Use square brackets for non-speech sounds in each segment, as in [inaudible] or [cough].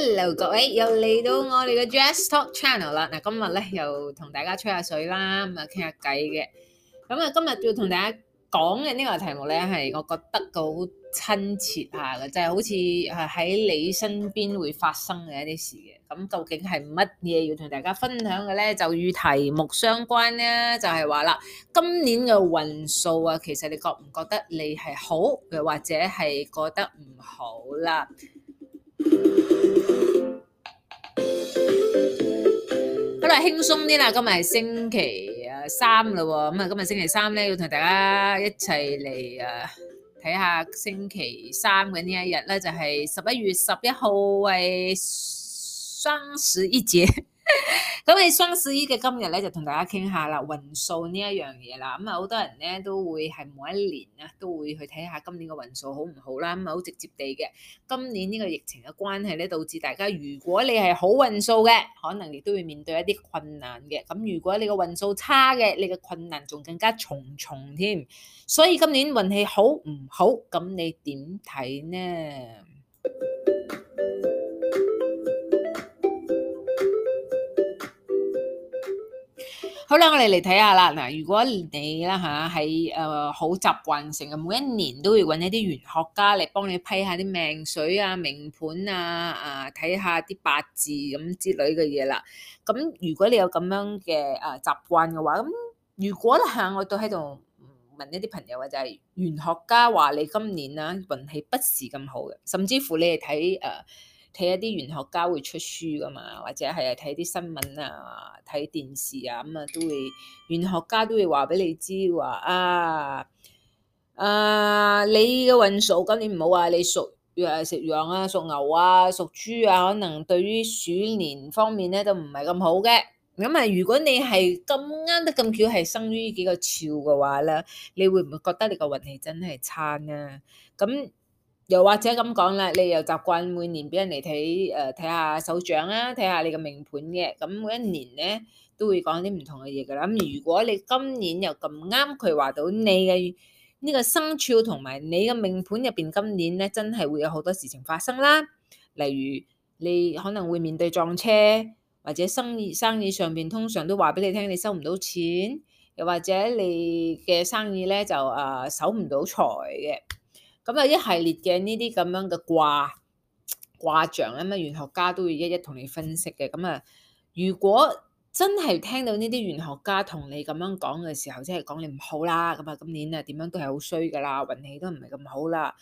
Hello 各位，又嚟到我哋嘅 Jazz Talk Channel 啦。嗱，今日咧又同大家吹下水啦，咁啊傾下偈嘅。咁啊，今日要同大家講嘅呢個題目咧，係我覺得好親切下嘅，就係好似係喺你身邊會發生嘅一啲事嘅。咁究竟係乜嘢要同大家分享嘅咧？就與題目相關啦，就係話啦，今年嘅運數啊，其實你覺唔覺得你係好，或者係覺得唔好啦？好啦，輕鬆啲啦，今日係星期三啦，咁啊今日星期三呢，要同大家一齊嚟、誒睇下星期三嘅呢一日呢，就係十一月十一號，係雙十一節。咁喺雙十一嘅今日咧，就同大家傾下啦，運數呢一樣嘢啦。咁啊，好多人咧都會係每一年啊，都會去睇下今年嘅運數好唔好啦。咁啊，好直接地嘅，今年呢個疫情嘅關係咧，導致大家如果你係好運數嘅，可能亦都會面對一啲困難嘅。咁如果你個運數差嘅，你嘅困難仲更加重重添。所以今年運氣好唔好？咁你點睇呢？好啦，我哋嚟睇下啦。嗱，如果你啦嚇喺誒好習慣性嘅，每一年都要揾一啲玄學家嚟幫你批下啲命水啊、命盤啊、啊睇下啲八字咁之類嘅嘢啦。咁如果你有咁樣嘅誒習慣嘅話，咁如果下我都喺度問一啲朋友嘅就係、是、玄學家話你今年啊運氣不是咁好嘅，甚至乎你係睇誒。Uh, 睇一啲玄學家會出書噶嘛，或者係啊睇啲新聞啊、睇電視啊咁啊，都會玄學家都會話俾你知話啊啊，啊，你嘅運數今年唔好啊，你屬誒食羊啊、屬牛啊、屬豬啊，可能對於鼠年方面咧都唔係咁好嘅。咁啊，如果你係咁啱得咁巧係生於呢幾個兆嘅話咧，你會唔會覺得你個運氣真係差呢，啊？咁？又或者咁講啦，你又習慣每年俾人嚟睇誒睇下手掌啊，睇下你嘅命盤嘅。咁每一年咧都會講啲唔同嘅嘢㗎啦。咁如果你今年又咁啱，佢話到你嘅呢個生肖同埋你嘅命盤入邊，今年咧真係會有好多事情發生啦。例如你可能會面對撞車，或者生意，生意上邊通常都話俾你聽，你收唔到錢，又或者你嘅生意咧就啊守唔到財嘅。咁啊，一系列嘅呢啲咁樣嘅卦卦象咧，咁啊，玄學家都會一一同你分析嘅。咁啊，如果真係聽到呢啲玄學家同你咁樣講嘅時候，即係講你唔好啦，咁啊，今年啊點樣都係好衰噶啦，運氣都唔係咁好啦。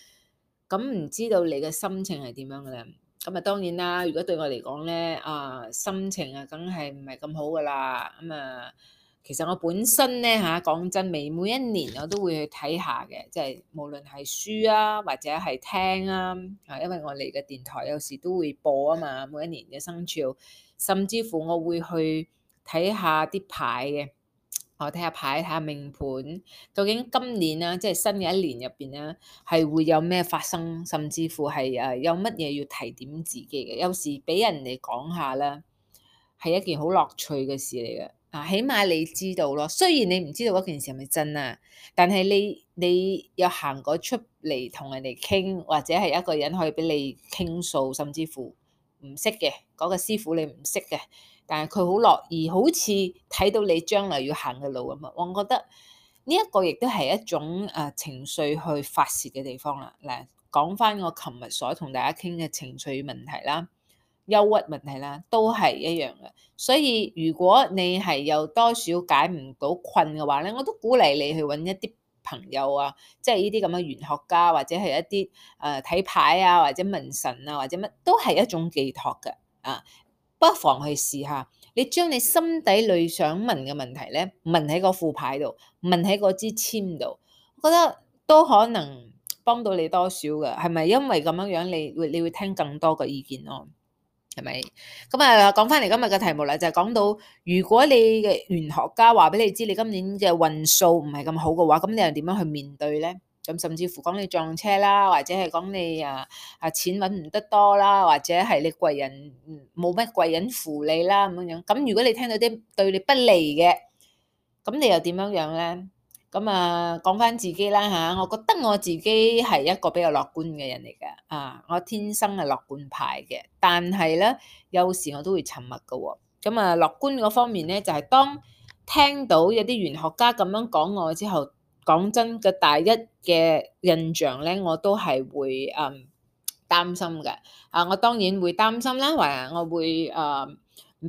咁唔知道你嘅心情係點樣嘅咧？咁啊，當然啦，如果對我嚟講咧，啊，呃，心情啊，梗係唔係咁好噶啦，咁啊～其實我本身咧，嚇，講真，未每一年我都會去睇下嘅，即係無論係書啊，或者係聽啊，啊，因為我嚟嘅電台有時都會播啊嘛。每一年嘅生肖，甚至乎我會去睇下啲牌嘅，我睇下牌、睇下命盤，究竟今年啊，即係新嘅一年入邊咧，係會有咩發生，甚至乎係誒有乜嘢要提點自己嘅。有時俾人哋講下啦，係一件好樂趣嘅事嚟嘅。啊、起碼你知道咯。雖然你唔知道嗰件事係咪真啊，但係你你有行過出嚟同人哋傾，或者係一個人可以俾你傾訴，甚至乎唔識嘅嗰個師傅你唔識嘅，但係佢好樂意，好似睇到你將來要行嘅路咁啊。我覺得呢一個亦都係一種誒、呃、情緒去發洩嘅地方啦。嚟講翻我琴日所同大家傾嘅情緒問題啦。憂鬱問題啦，都係一樣嘅。所以如果你係有多少解唔到困嘅話咧，我都鼓勵你去揾一啲朋友啊，即係呢啲咁嘅玄學家，或者係一啲誒睇牌啊，或者問神啊，或者乜都係一種寄託嘅。啊，不妨去試下，你將你心底裏想問嘅問題咧，問喺個副牌度，問喺嗰支簽度，我覺得都可能幫到你多少嘅，係咪？因為咁樣樣你,你會你會聽更多嘅意見咯、啊。係咪？咁啊，講翻嚟今日嘅題目啦，就係講到如果你嘅玄學家話俾你知，你今年嘅運數唔係咁好嘅話，咁你又點樣去面對咧？咁甚至乎講你撞車啦，或者係講你啊啊錢揾唔得多啦，或者係你貴人冇乜貴人扶你啦咁樣。咁如果你聽到啲對你不利嘅，咁你又點樣樣咧？咁啊、嗯，講翻自己啦嚇，我覺得我自己係一個比較樂觀嘅人嚟嘅。啊，我天生係樂觀派嘅，但係咧有時我都會沉默嘅喎、哦。咁、嗯、啊，樂觀嗰方面咧，就係、是、當聽到有啲玄學家咁樣講我之後，講真嘅大一嘅印象咧，我都係會嗯擔心嘅。啊，我當然會擔心啦，或我會誒。嗯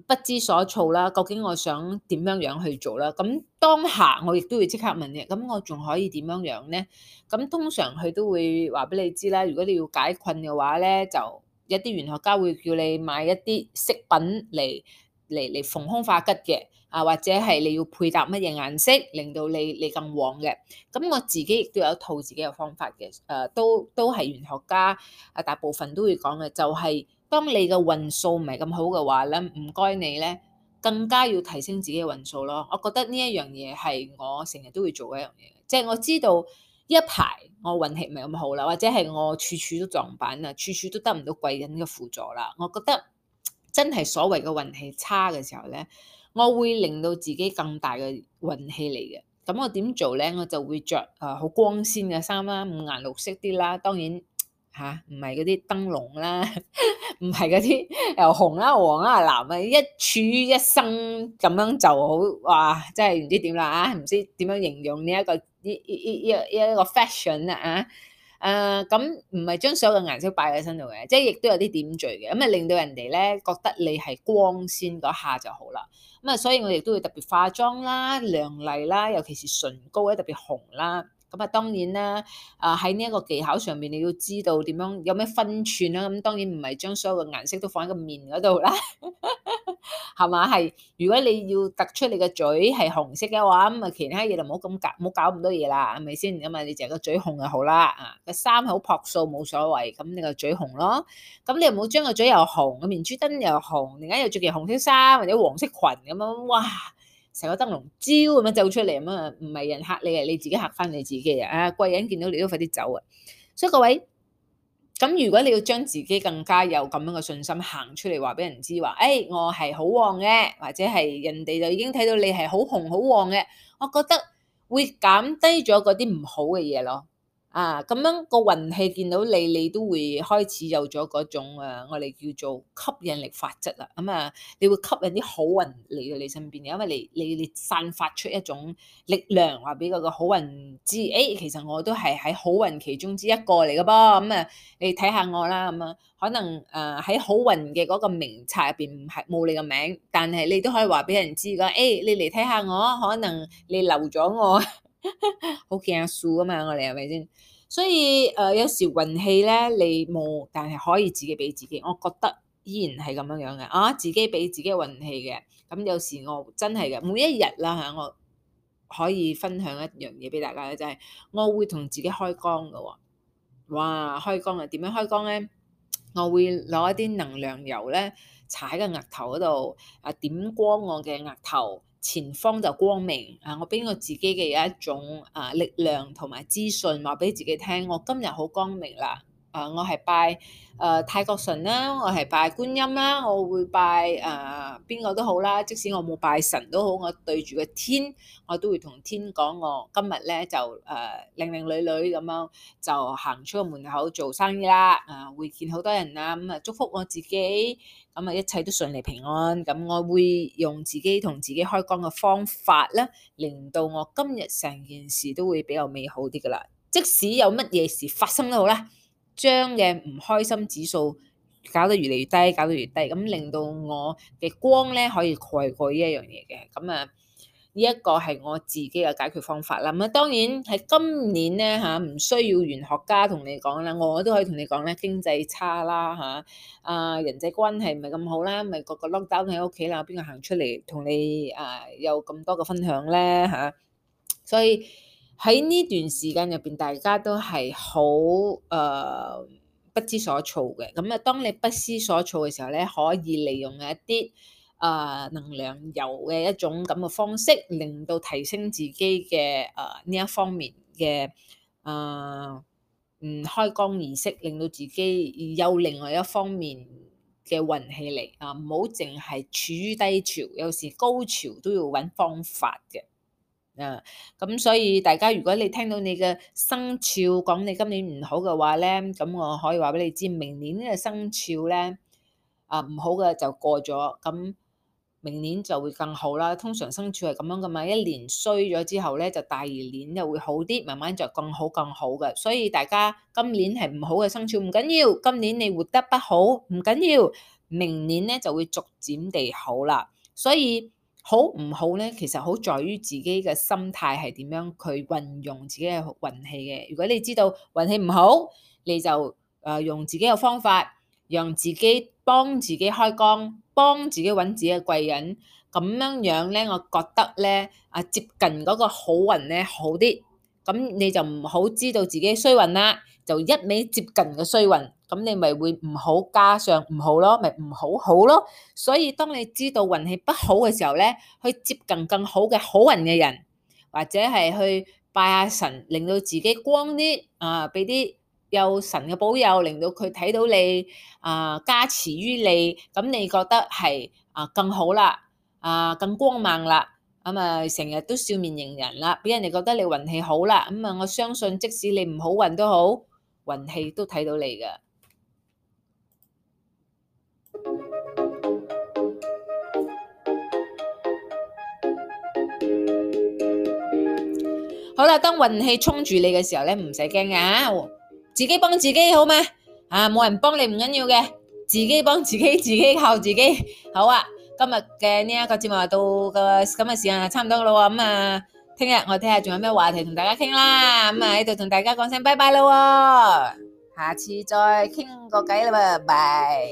不知所措啦，究竟我想點樣樣去做啦？咁當下我亦都會即刻問嘅，咁我仲可以點樣樣咧？咁通常佢都會話俾你知啦。如果你要解困嘅話咧，就一啲玄學家會叫你買一啲飾品嚟嚟嚟逢凶化吉嘅，啊或者係你要配搭乜嘢顏色，令到你你更旺嘅。咁我自己亦都有一套自己嘅方法嘅，誒、啊、都都係玄學家啊，大部分都會講嘅，就係、是。當你嘅運數唔係咁好嘅話咧，唔該你咧，更加要提升自己嘅運數咯。我覺得呢一樣嘢係我成日都會做一樣嘢，即係我知道一排我運氣唔係咁好啦，或者係我處處都撞板啊，處處都得唔到貴人嘅輔助啦。我覺得真係所謂嘅運氣差嘅時候咧，我會令到自己更大嘅運氣嚟嘅。咁我點做咧？我就會着啊好光鮮嘅衫啦，五顏六色啲啦。當然吓，唔係嗰啲燈籠啦。 [laughs] 唔係嗰啲又紅啦、啊、黃啦、啊、藍啊，一處一生咁樣就好哇！真係唔知點啦啊，唔知點樣形容呢一個呢呢呢呢一個 fashion 啦啊！誒咁唔係將所有嘅顏色擺喺身度嘅，即係亦都有啲點綴嘅，咁啊令到人哋咧覺得你係光鮮嗰下就好啦。咁啊，所以我哋都會特別化妝啦、亮麗啦，尤其是唇膏咧特別紅啦。咁啊，當然啦，啊喺呢一個技巧上面，你要知道點樣有咩分寸啦、啊。咁當然唔係將所有嘅顏色都放喺個面嗰度啦，係 [laughs] 嘛？係如果你要突出你個嘴係紅色嘅話，咁啊其他嘢就唔好咁搞，唔好搞咁多嘢啦，係咪先？咁啊，你淨係就個嘴紅就好啦。啊，個衫好樸素冇所謂，咁你個嘴紅咯。咁你又唔好將個嘴又紅，個面珠燈又紅，而家又着件紅色衫或者黃色裙咁樣，哇！成個燈籠招咁樣走出嚟咁啊！唔係人嚇你係你自己嚇翻你自己啊！貴人見到你都快啲走啊！所以各位，咁如果你要將自己更加有咁樣嘅信心行出嚟，話俾人知話，誒我係好旺嘅，或者係人哋就已經睇到你係好紅好旺嘅，我覺得會減低咗嗰啲唔好嘅嘢咯。啊，咁樣個運氣見到你，你都會開始有咗嗰種、啊、我哋叫做吸引力法則啦。咁、嗯、啊，你會吸引啲好運嚟到你身邊嘅，因為你你你散發出一種力量，話俾個個好運知。誒、欸，其實我都係喺好運其中之一個嚟嘅噃。咁、嗯、啊，你睇下我啦，咁、嗯、啊，可能誒喺、呃、好運嘅嗰個名冊入邊唔係冇你個名，但係你都可以話俾人知嘅。誒、欸，你嚟睇下我，可能你留咗我。好驚數啊嘛， [laughs] 我哋係咪先？所以誒、呃，有時運氣咧，你冇，但係可以自己俾自己。我覺得依然係咁樣樣嘅啊，自己俾自己嘅運氣嘅。咁有時我真係嘅，每一日啦吓，我可以分享一樣嘢俾大家嘅，就係、是、我會同自己開光噶、哦。哇，開光啊！點樣開光咧？我會攞一啲能量油咧，搽喺個額頭嗰度啊，點光我嘅額頭。前方就光明，啊！我畀我自己嘅一種啊力量同埋資訊，話畀自己聽，我今日好光明啦。啊！我係拜誒、呃、泰國神啦，我係拜觀音啦，我會拜誒邊個都好啦，即使我冇拜神都好，我對住個天，我都會同天講，我今日咧就誒靚靚女女咁樣就行出個門口做生意啦，啊、呃、會見好多人啦，咁、嗯、啊祝福我自己，咁、嗯、啊一切都順利平安，咁、嗯、我會用自己同自己開光嘅方法啦，令到我今日成件事都會比較美好啲噶啦，即使有乜嘢事發生都好啦。將嘅唔開心指數搞得越嚟越低，搞到越低，咁令到我嘅光咧可以蓋過呢一樣嘢嘅，咁啊，呢一個係我自己嘅解決方法啦。咁啊，當然喺今年咧吓，唔需要玄學家同你講啦，我都可以同你講咧，經濟差啦吓啊，人際關係唔係咁好啦，咪個個 lockdown 喺屋企啦，邊個行出嚟同你啊有咁多個分享咧吓，所以。喺呢段時間入邊，大家都係好誒不知所措嘅。咁啊，當你不知所措嘅時候咧，可以利用一啲誒、呃、能量油嘅一種咁嘅方式，令到提升自己嘅誒呢一方面嘅誒嗯開光儀式，令到自己有另外一方面嘅運氣嚟啊！唔好淨係處於低潮，有時高潮都要揾方法嘅。啊，咁所以大家如果你聽到你嘅生肖講你今年唔好嘅話咧，咁我可以話俾你知，明年呢個生肖咧啊唔好嘅就過咗，咁明年就會更好啦。通常生肖係咁樣噶嘛，一年衰咗之後咧，就第二年就會好啲，慢慢就更好更好嘅。所以大家今年係唔好嘅生肖唔緊要，今年你活得不好唔緊要，明年咧就會逐漸地好啦。所以。好唔好咧？其實好在於自己嘅心態係點樣去運用自己嘅運氣嘅。如果你知道運氣唔好，你就誒用自己嘅方法，讓自己幫自己開光，幫自己搵自己嘅貴人咁樣樣咧。我覺得咧啊，接近嗰個好運咧好啲，咁你就唔好知道自己衰運啦，就一味接近個衰運。咁你咪會唔好，加上唔好咯，咪唔好好咯。所以當你知道運氣不好嘅時候咧，去接近更好嘅好運嘅人，或者係去拜下神，令到自己光啲啊，俾啲有神嘅保佑，令到佢睇到你啊，加持於你。咁你覺得係啊更好啦，啊更光猛啦。咁啊，成日都笑面迎人啦，俾人哋覺得你運氣好啦。咁啊，我相信即使你唔好運都好，運氣都睇到你㗎。好啦，當運氣沖住你嘅時候咧，唔使驚嘅吓，自己幫自己好嘛，啊冇人幫你唔緊要嘅，自己幫自、啊、自、自己，自己靠自己，好啊！今日嘅呢一個節目到個咁嘅時間就差唔多啦喎，咁、嗯、啊，聽日我睇下仲有咩話題同大家傾啦，咁、嗯、啊喺度同大家講聲拜拜啦，下次再傾個偈啦，拜、拜。